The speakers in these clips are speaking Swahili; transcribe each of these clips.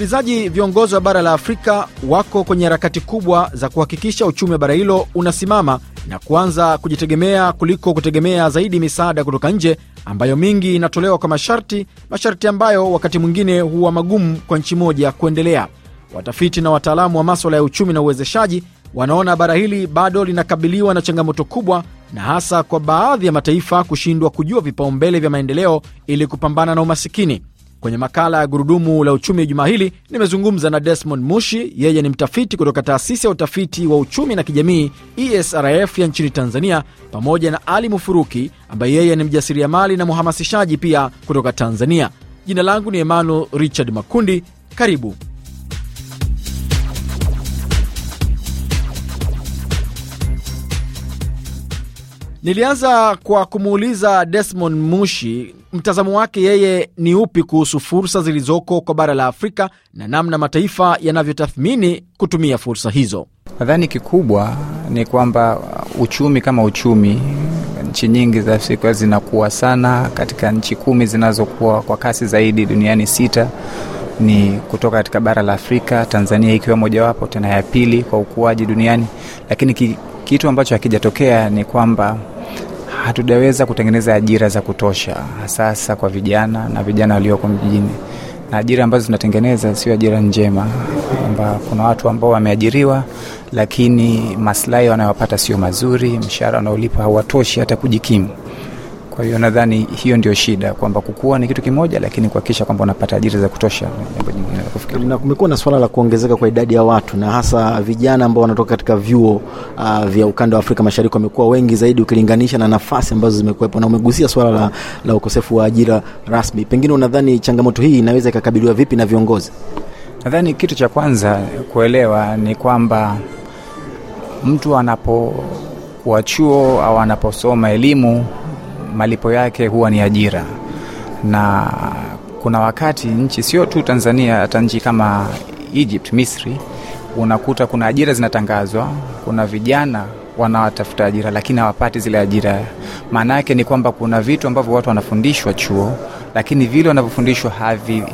Msikilizaji, viongozi wa bara la Afrika wako kwenye harakati kubwa za kuhakikisha uchumi wa bara hilo unasimama na kuanza kujitegemea kuliko kutegemea zaidi misaada kutoka nje ambayo mingi inatolewa kwa masharti, masharti ambayo wakati mwingine huwa magumu kwa nchi moja kuendelea. Watafiti na wataalamu wa maswala ya uchumi na uwezeshaji wanaona bara hili bado linakabiliwa na changamoto kubwa, na hasa kwa baadhi ya mataifa kushindwa kujua vipaumbele vya maendeleo ili kupambana na umasikini. Kwenye makala ya Gurudumu la Uchumi juma hili nimezungumza na Desmond Mushi. Yeye ni mtafiti kutoka taasisi ya utafiti wa uchumi na kijamii ESRF ya nchini Tanzania, pamoja na Ali Mufuruki ambaye yeye ni mjasiriamali na mhamasishaji pia kutoka Tanzania. Jina langu ni Emmanuel Richard Makundi. Karibu. Nilianza kwa kumuuliza Desmond Mushi mtazamo wake yeye ni upi kuhusu fursa zilizoko kwa bara la Afrika na namna mataifa yanavyotathmini kutumia fursa hizo. Nadhani kikubwa ni kwamba uchumi kama uchumi, nchi nyingi za Afrika zinakuwa sana. Katika nchi kumi zinazokuwa kwa kasi zaidi duniani, sita ni kutoka katika bara la Afrika, Tanzania ikiwa mojawapo, tena ya pili kwa ukuaji duniani. Lakini kitu ambacho hakijatokea ni kwamba hatujaweza kutengeneza ajira za kutosha, sasa kwa vijana na vijana walioko mjini, na ajira ambazo zinatengeneza sio ajira njema, kwamba kuna watu ambao wameajiriwa, lakini maslahi wanayopata sio mazuri, mshahara wanaolipwa hawatoshi hata kujikimu. Kwa hiyo nadhani hiyo ndio shida, kwamba kukua ni kitu kimoja, lakini kuhakikisha kwamba unapata ajira za kutosha jambo jingine la kufikiria. Na kumekuwa na swala la kuongezeka kwa idadi ya watu na hasa vijana ambao wanatoka katika vyuo uh, vya ukanda wa Afrika Mashariki wamekuwa wengi zaidi ukilinganisha na nafasi ambazo zimekuwepo, na umegusia swala la, la ukosefu wa ajira rasmi. Pengine unadhani changamoto hii inaweza ikakabiliwa vipi na viongozi? Nadhani kitu cha kwanza kuelewa ni kwamba mtu anapokuwa chuo au anaposoma elimu malipo yake huwa ni ajira, na kuna wakati nchi sio tu Tanzania, hata nchi kama Egypt, Misri, unakuta kuna ajira zinatangazwa, kuna vijana wanaotafuta ajira lakini hawapati zile ajira. Maana yake ni kwamba kuna vitu ambavyo watu wanafundishwa chuo, lakini vile wanavyofundishwa havi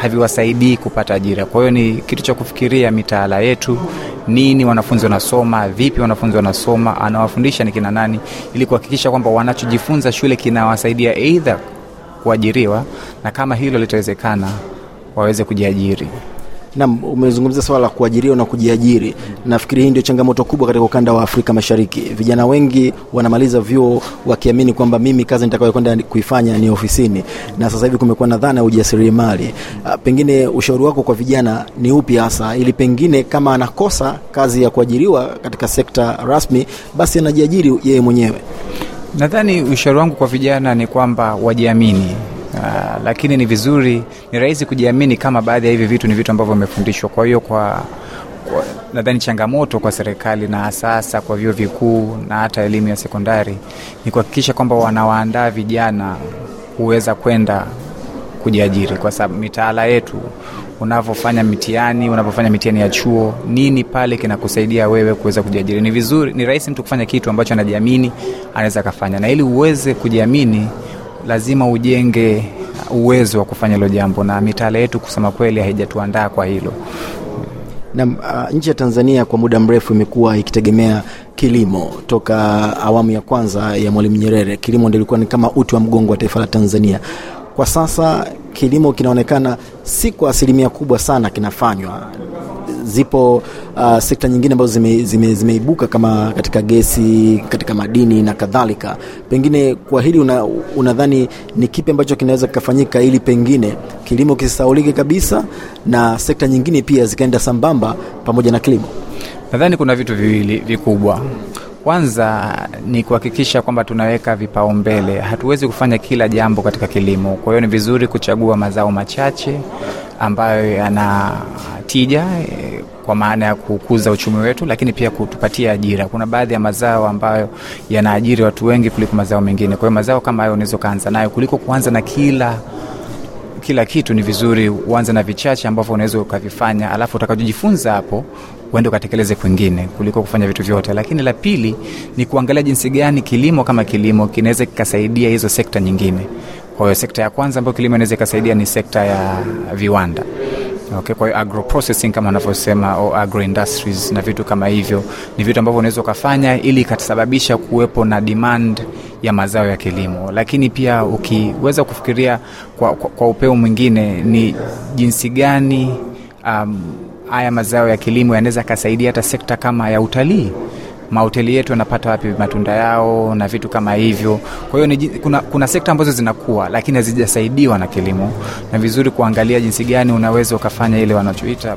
haviwasaidii kupata ajira. Kwa hiyo ni kitu cha kufikiria mitaala yetu, nini wanafunzi wanasoma, vipi wanafunzi wanasoma, anawafundisha ni kina nani, ili kuhakikisha kwamba wanachojifunza shule kinawasaidia aidha kuajiriwa, na kama hilo litawezekana waweze kujiajiri nam umezungumzia swala la kuajiriwa na kujiajiri. Nafikiri hii ndio changamoto kubwa katika ukanda wa Afrika Mashariki. Vijana wengi wanamaliza vyuo wakiamini kwamba mimi kazi nitakayokwenda kuifanya ni ofisini, na sasa hivi kumekuwa na dhana ya ujasiriamali. Ah, pengine ushauri wako kwa vijana ni upi hasa, ili pengine kama anakosa kazi ya kuajiriwa katika sekta rasmi, basi anajiajiri yeye mwenyewe? Nadhani ushauri wangu kwa vijana ni kwamba wajiamini Ah, lakini ni vizuri, ni rahisi kujiamini kama baadhi ya hivi vitu ni vitu ambavyo vimefundishwa. Kwa hiyo kwa nadhani changamoto kwa serikali na sasa kwa vyuo vikuu na hata elimu ya sekondari ni kuhakikisha kwamba wanawaandaa vijana kuweza kwenda kujiajiri, kwa sababu mitaala yetu, unavyofanya mitihani, unavyofanya mitihani ya chuo, nini pale kinakusaidia wewe kuweza kujiajiri? Ni vizuri, ni rahisi mtu kufanya kitu ambacho anajiamini anaweza akafanya, na ili uweze kujiamini lazima ujenge uwezo wa kufanya hilo jambo, na mitaala yetu kusema kweli haijatuandaa kwa hilo. Na uh, nchi ya Tanzania kwa muda mrefu imekuwa ikitegemea kilimo toka awamu ya kwanza ya Mwalimu Nyerere. Kilimo ndio ilikuwa ni kama uti wa mgongo wa taifa la Tanzania. Kwa sasa kilimo kinaonekana si kwa asilimia kubwa sana kinafanywa zipo uh, sekta nyingine ambazo zime, zime, zimeibuka kama katika gesi, katika madini na kadhalika. Pengine kwa hili una, unadhani ni kipi ambacho kinaweza kikafanyika ili pengine kilimo kisisaulike kabisa na sekta nyingine pia zikaenda sambamba pamoja na kilimo? Nadhani kuna vitu viwili vikubwa. Kwanza ni kuhakikisha kwamba tunaweka vipaumbele. Hatuwezi kufanya kila jambo katika kilimo, kwa hiyo ni vizuri kuchagua mazao machache ambayo yana tija eh, kwa maana ya kukuza uchumi wetu, lakini pia kutupatia ajira. Kuna baadhi ya mazao ambayo yanaajiri watu wengi kuliko mazao mengine. Kwa hiyo mazao kama hayo unaweza ukaanza nayo kuliko kuanza na kila kila kitu. Ni vizuri uanze na vichache ambavyo unaweza ukavifanya, alafu utakajifunza hapo uende ukatekeleze kwingine kuliko kufanya vitu vyote. Lakini la pili ni kuangalia jinsi gani kilimo kama kilimo kinaweza kikasaidia hizo sekta nyingine. Kwa hiyo sekta ya kwanza ambayo kilimo inaweza ikasaidia ni sekta ya viwanda. Okay, kwa hiyo agro processing kama wanavyosema au agro industries na vitu kama hivyo ni vitu ambavyo unaweza ukafanya ili ikasababisha kuwepo na demand ya mazao ya kilimo, lakini pia ukiweza kufikiria kwa, kwa, kwa upeo mwingine ni jinsi gani um, haya mazao ya kilimo yanaweza akasaidia hata sekta kama ya utalii mahoteli yetu yanapata wapi matunda yao na vitu kama hivyo. Kwa hiyo kuna, kuna sekta ambazo zinakuwa lakini hazijasaidiwa na kilimo, na vizuri kuangalia jinsi gani unaweza ukafanya ile wanachoita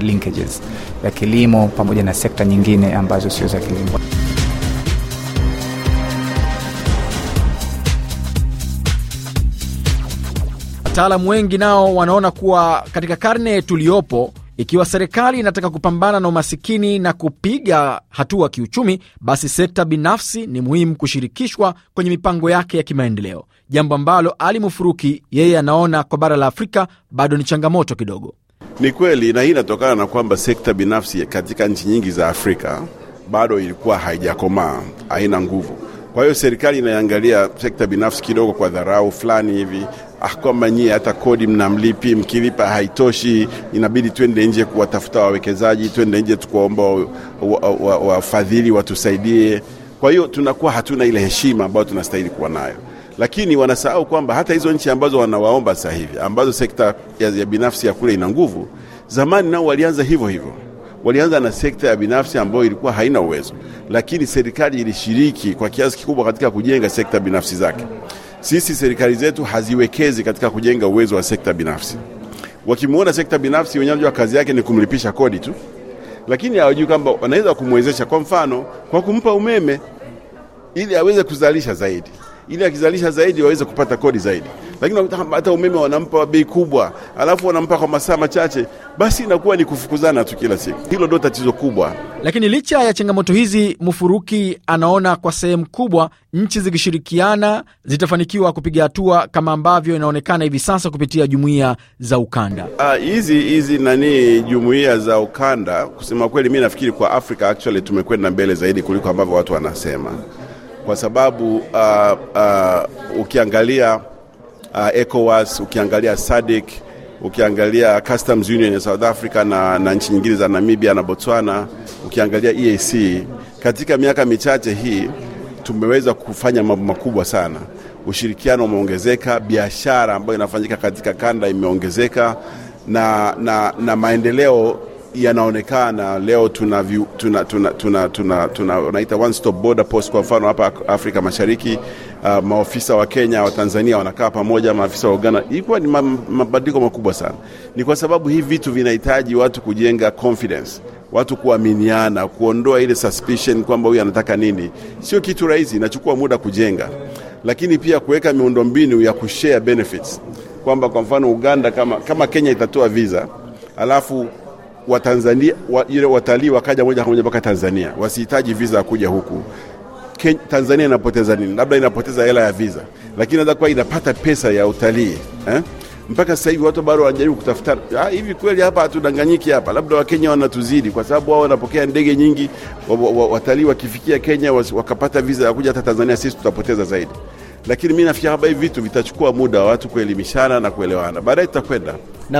linkages ya kilimo pamoja na sekta nyingine ambazo sio za kilimo. Wataalamu wengi nao wanaona kuwa katika karne tuliyopo ikiwa serikali inataka kupambana na umasikini na kupiga hatua kiuchumi, basi sekta binafsi ni muhimu kushirikishwa kwenye mipango yake ya kimaendeleo, jambo ambalo Ali Mufuruki yeye anaona kwa bara la Afrika bado ni changamoto kidogo. Ni kweli, na hii inatokana na kwamba sekta binafsi katika nchi nyingi za Afrika bado ilikuwa haijakomaa, haina nguvu. Kwa hiyo serikali inaiangalia sekta binafsi kidogo kwa dharau fulani hivi, Ah, kwamba nyie hata kodi mnamlipi, mkilipa haitoshi, inabidi twende nje kuwatafuta wawekezaji, twende nje tukuwaomba wafadhili wa, wa, wa watusaidie. Kwa hiyo tunakuwa hatuna ile heshima ambayo tunastahili kuwa nayo, lakini wanasahau kwamba hata hizo nchi ambazo wanawaomba sasa hivi, ambazo sekta ya, ya binafsi ya kule ina nguvu, zamani nao walianza hivyo hivyo walianza na sekta ya binafsi ambayo ilikuwa haina uwezo, lakini serikali ilishiriki kwa kiasi kikubwa katika kujenga sekta binafsi zake sisi serikali zetu haziwekezi katika kujenga uwezo wa sekta binafsi. Wakimwona sekta binafsi, wenyewe wanajua kazi yake ni kumlipisha kodi tu, lakini hawajui kwamba wanaweza kumwezesha, kwa mfano kwa kumpa umeme ili aweze kuzalisha zaidi ili akizalisha zaidi waweze kupata kodi zaidi, lakini hata umeme wanampa bei kubwa, alafu wanampa kwa masaa machache, basi inakuwa ni kufukuzana tu kila siku. Hilo ndio tatizo kubwa. Lakini licha ya changamoto hizi, Mufuruki anaona kwa sehemu kubwa nchi zikishirikiana zitafanikiwa kupiga hatua kama ambavyo inaonekana hivi sasa kupitia jumuiya za ukanda ah, hizi uh, hizi nani jumuiya za ukanda. Kusema kweli, mi nafikiri kwa Afrika actually tumekwenda mbele zaidi kuliko ambavyo watu wanasema kwa sababu uh, uh, ukiangalia uh, ECOWAS, ukiangalia SADC, ukiangalia Customs Union ya South Africa na, na nchi nyingine za Namibia na Botswana, ukiangalia EAC, katika miaka michache hii tumeweza kufanya mambo makubwa sana. Ushirikiano umeongezeka, biashara ambayo inafanyika katika kanda imeongezeka na, na, na maendeleo yanaonekana leo tuna tuna tuna tuna tuna tunaita one stop border post kwa mfano hapa Afrika Mashariki. Uh, maofisa wa Kenya wa Tanzania wanakaa pamoja, maafisa wa Uganda. Ilikuwa ni mabadiliko makubwa sana, ni kwa sababu hivi vitu vinahitaji watu kujenga confidence, watu kuaminiana, kuondoa ile suspicion kwamba huyu anataka nini. Sio kitu rahisi, inachukua muda kujenga, lakini pia kuweka miundombinu ya kushare benefits kwamba kwa mfano Uganda kama, kama Kenya itatoa visa alafu Watanzania wa, ile watalii wakaja moja kwa moja mpaka Tanzania, wasihitaji visa ya kuja huku. Tanzania inapoteza nini? Labda inapoteza hela ya visa, lakini naweza kuwa inapata pesa ya utalii eh? Mpaka sasa hivi watu bado wanajaribu kutafuta ah, hivi, kweli hapa hatudanganyiki hapa. Labda Wakenya wanatuzidi kwa sababu wao wanapokea ndege nyingi. Watalii wakifikia Kenya wakapata visa ya kuja hata Tanzania, sisi tutapoteza zaidi lakini mi nafikiri hapa hivi vitu vitachukua muda wa watu kuelimishana na kuelewana, baadaye tutakwenda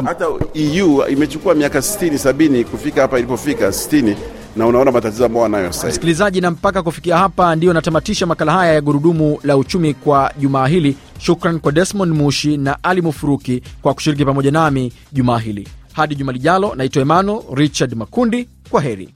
hata EU imechukua miaka 60 70 kufika hapa ilipofika 60 na unaona matatizo ambayo wanayo sasa. Msikilizaji, na mpaka kufikia hapa ndiyo natamatisha makala haya ya gurudumu la uchumi kwa jumaa hili. Shukran kwa Desmond Mushi na Ali Mufuruki kwa kushiriki pamoja nami jumaa hili. Hadi juma lijalo, naitwa Emmanuel Richard Makundi. Kwa heri.